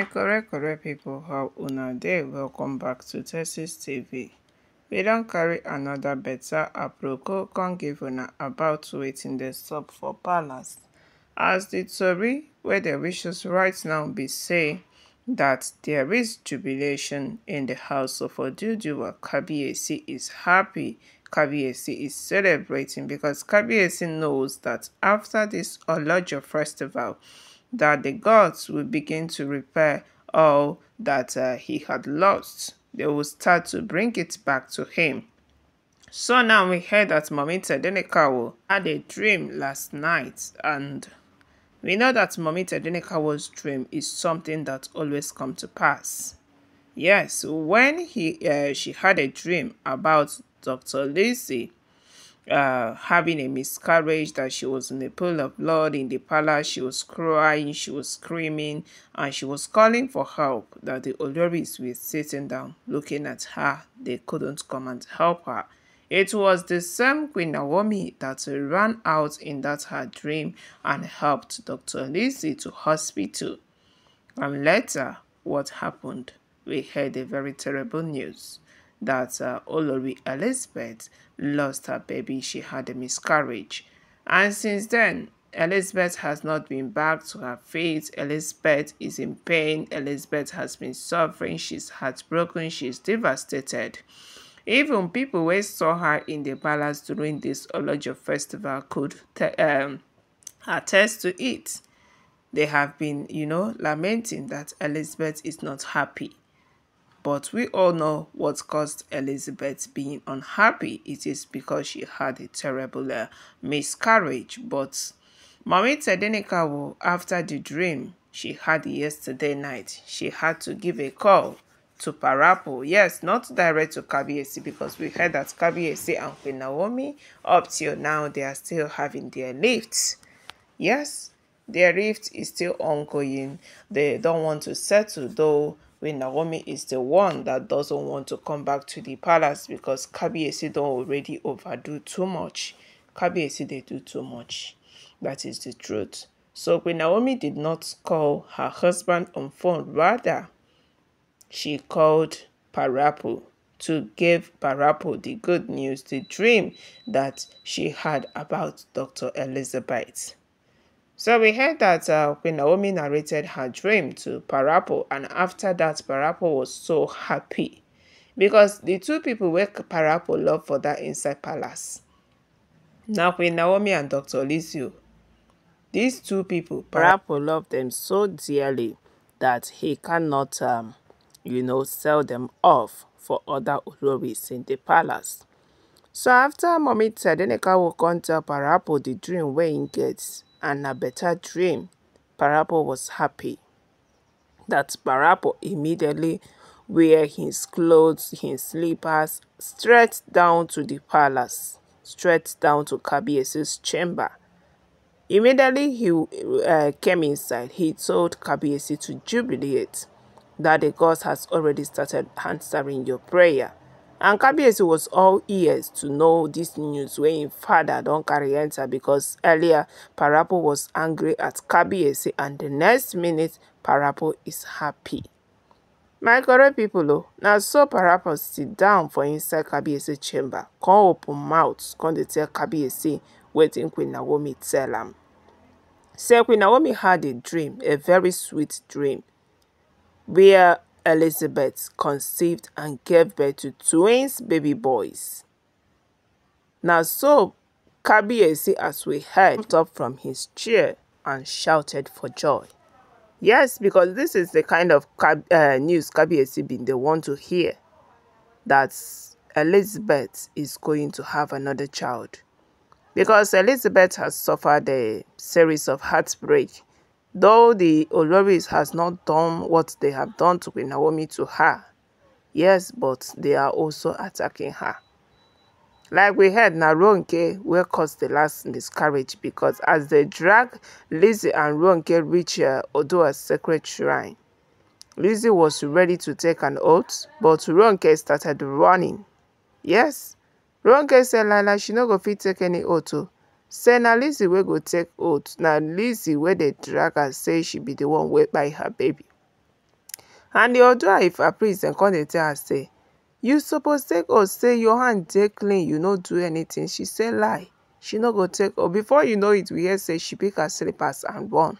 my correct correct People, how una day. welcome back to texas tv we don't carry another better approco come give una about waiting the stop for palace as did sorry, where the wishes right now be say that there is jubilation in the house of Oduduwa. Kabiesi is happy. Kabiesi is celebrating because Kabiesi knows that after this Olojo festival, that the gods will begin to repair all that uh, he had lost. They will start to bring it back to him. So now we heard that Mamita Tedenekawo had a dream last night and we know that Mamita Tedenekawo's dream is something that always comes to pass. Yes, when he uh, she had a dream about Dr. Lizzie uh, having a miscarriage, that she was in a pool of blood in the palace. She was crying, she was screaming, and she was calling for help. That the Oloris were sitting down looking at her. They couldn't come and help her. It was the same Queen Naomi that ran out in that her dream and helped Dr. Lizzie to hospital. And later, what happened? We heard a very terrible news that uh, Olori Elizabeth lost her baby. She had a miscarriage. And since then, Elizabeth has not been back to her feet. Elizabeth is in pain. Elizabeth has been suffering. She's heartbroken. She's devastated. Even people who saw her in the palace during this Olojo festival could um, attest to it. They have been, you know, lamenting that Elizabeth is not happy. But we all know what caused Elizabeth being unhappy. It is because she had a terrible uh, miscarriage. But Mommy Tedenikawo, after the dream she had yesterday night, she had to give a call to Parapo. Yes, not direct to Kabiesi because we heard that Kabiesi and Queen Naomi, up till now, they are still having their lifts. Yes, their rift is still ongoing. They don't want to settle, though when Naomi is the one that doesn't want to come back to the palace because Kabiyesi don already overdo too much. Kabiyesi dey do too much. That is the truth. So when Naomi did not call her husband on phone. Rather, she called Parapu to give Parapu the good news, the dream that she had about Dr. Elizabeth. So we heard that uh, Queen Naomi narrated her dream to Parapo, and after that, Parapo was so happy because the two people were Parapo loved for that inside palace. Now, Queen Naomi and Dr. Lizio, these two people, Parapo loved them so dearly that he cannot, um, you know, sell them off for other Oloris in the palace. So after Mommy Tedeneka will come tell Parapo the dream where he gets, and a better dream, Parapo was happy. That Parapo immediately wear his clothes, his slippers, straight down to the palace, straight down to Kabiese's chamber. Immediately he uh, came inside, he told Kabiesi to jubilate that the gods has already started answering your prayer. and kabiyesi was all ears to know this news wey im father don carry enta becos earlier parapo was angry at kabiyesi and the next minute parapo is happy my correct people, o oh, na so parapo sit down for inside kabiyesi chamber come open mouth come dey tell kabiyesi wetin queen naomi tell am say queen naomi had a dream a very sweet dream where Elizabeth conceived and gave birth to twins baby boys. Now so Kabiesi, as we heard, jumped up from his chair and shouted for joy. Yes, because this is the kind of uh, news Kabiesi been the one to hear, that Elizabeth is going to have another child. Because Elizabeth has suffered a series of heartbreak Though the Oloris has not done what they have done to bring Naomi to her, yes, but they are also attacking her. Like we heard, now we will cause the last miscarriage because as they drag Lizzie and Ronke reach uh, Odoa's sacred shrine, Lizzie was ready to take an oath, but Ronke started running. Yes, Ronke said Lila, she no go fit take any oath. Oh. say na lizzy wey go take oath na lizzy wey dey drag am say she be di one wey kpai her baby and di oodua ifa priest dem come dey tell her say you suppose take oath say your hand dey clean you no do anything." she say lie she no go take oath before you know it we hear say she pick her slippers and run.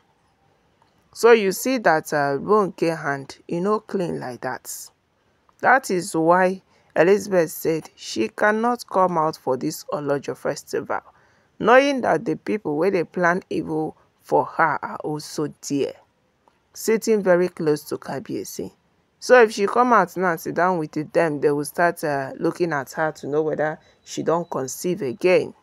so you see dat ronke uh, hand e no clean like that. That is why elizabeth said she cannot come out for this olojo festival knowing that the people where they plan evil for her are also there, sitting very close to Kabiesi. So if she come out now and sit down with them, they will start uh, looking at her to know whether she don't conceive again.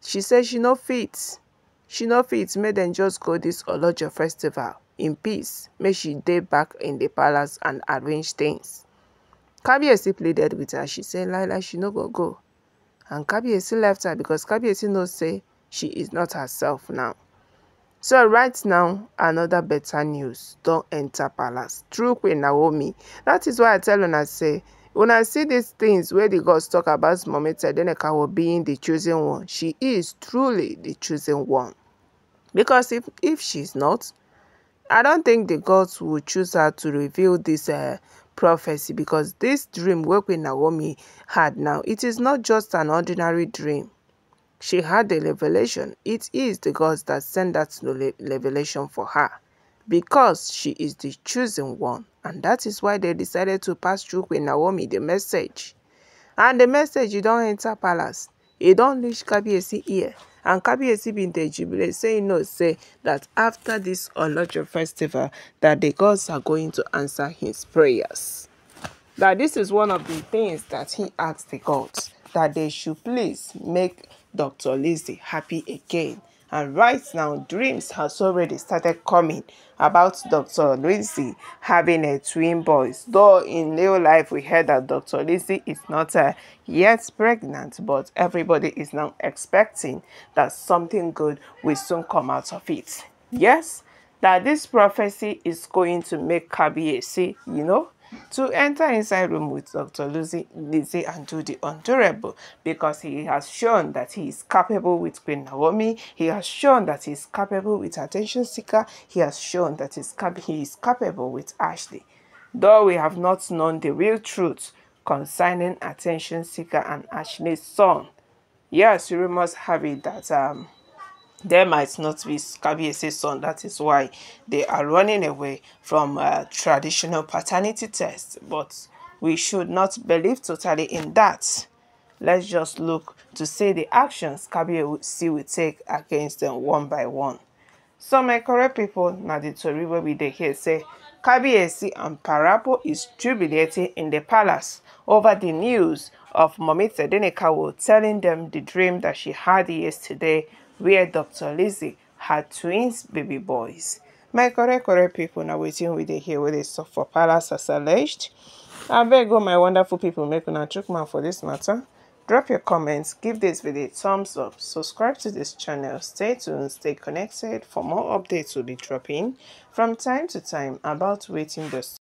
She says she no fit. She no fit. May then just go this Olojo festival in peace. May she day back in the palace and arrange things. Kabiesi pleaded with her. She said, "Lila, she no go go. And Kabiesi left her because Kabiesi knows say she is not herself now. So right now, another better news Don't enter palace True Queen Naomi. That is why I tell I say, when I see these things where the gods talk about Mummy Tadenikawo being the chosen one, she is truly the chosen one. Because if, if she's not, I don't think the gods will choose her to reveal this uh, prophecy because this dream Queen Naomi had now, it is not just an ordinary dream. She had a revelation. It is the gods that sent that revelation for her because she is the chosen one. And that is why they decided to pass through Queen Naomi the message. And the message, you don't enter palace. You don't reach Kabiesi here and kabiyesi bin dey jubilate say no, say that after dis olojo festival that the gods are going to answer his prayers that this is one of the things that he asked the gods that they should please make dr Lizzie happy again And right now, dreams has already started coming about Dr. Lindsay having a twin boys. Though in real life, we heard that Dr. Lindsay is not uh, yet pregnant, but everybody is now expecting that something good will soon come out of it. Yes, that this prophecy is going to make see you know, to enter inside room with Dr. Lucy, Lizzie and do the undurable because he has shown that he is capable with Queen Naomi, he has shown that he is capable with Attention Seeker, he has shown that he is, cap he is capable with Ashley. Though we have not known the real truth concerning Attention Seeker and Ashley's son, yes, rumors have it that um, there might not be Kabiyesi's son. That is why they are running away from uh, traditional paternity tests. But we should not believe totally in that. Let's just look to see the actions Kabiyesi will take against them one by one. Some my correct people, na the tori wey we dey hear say Kabiyesi and Parapo is jubilating in the palace over the news of Mommy Tedinika telling them the dream that she had yesterday where dr lizzie had twins baby boys my correct correct people are waiting with the here with the sup for palace as alleged I beg all my wonderful people, make a chook for this matter drop your comments give this video a thumbs up subscribe to this channel stay tuned stay connected for more updates will be dropping from time to time about waiting the